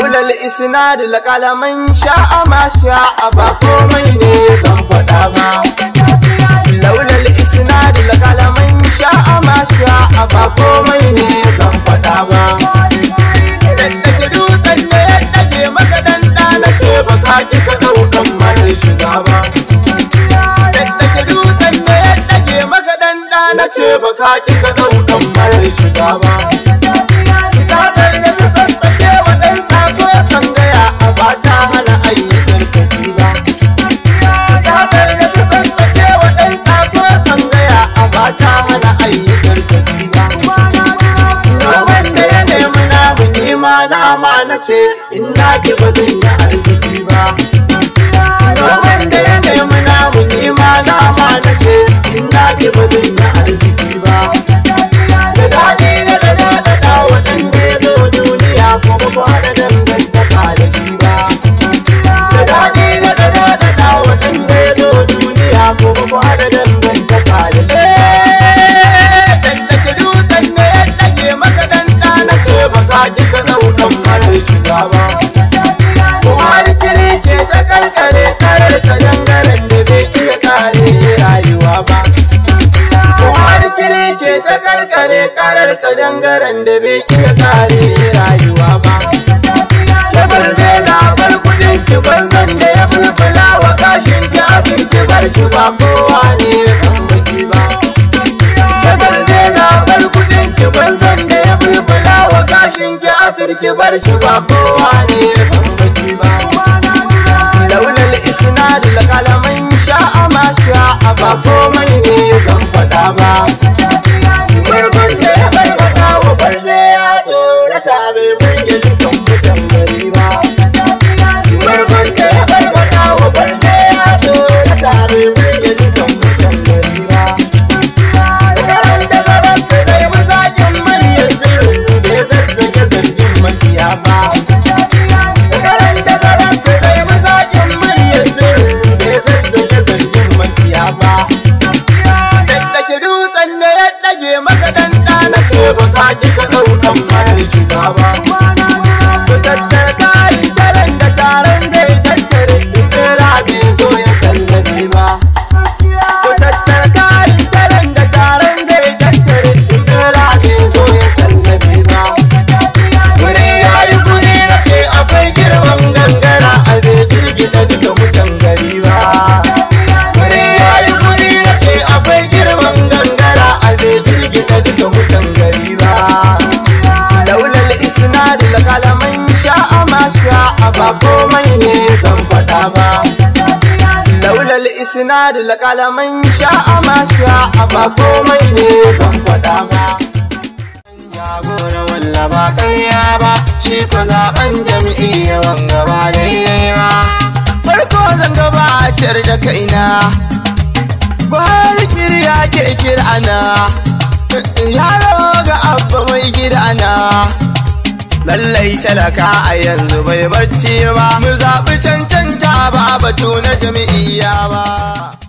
daula isina da lakalaman sha ما شاء باقومي ني زنفدا ما لولا الإسناد لقال من شاء ما شاء باقومي ني زنفدا ما Ka ki mara ba. Daddake dutsen ne ya ɗage na ce ba ka ki ka mara shiga na na ce ina ke ki ba zan yi arziki ba kan marar shugaba kuma rikiri ke ta karkare karar ta dangaren da bai iya kare rayuwa ba kuma rikiri ke ta karkare karar ta dangaren da bai iya kare rayuwa ba kabar da labar kudin ki da ya bulbula wa kashin ki asirki bar shi ba kowa karki bar shi ba kowa ne ya san baki ba laulal isnad lakalamai sha'a ma sha'a ba komai ne zan faɗa ba duka ɗaukan mara shugaba da wutan gari ba laulal lakalaman sha sha'a ma a ba komai ne zan faɗa ba laulal lakalaman sha sha'a ma a ba komai ne zan faɗa ba jagora walla ba ƙarya ba shi ko zaben jam'iyyawan gaba daidai ba farko zan gabatar da kaina buhari kiriya ke kirana yaro ga abba mai gida na, lallai talaka a yanzu bai bacci ba mu zaɓi cancanta ba batu na jam'iyya ba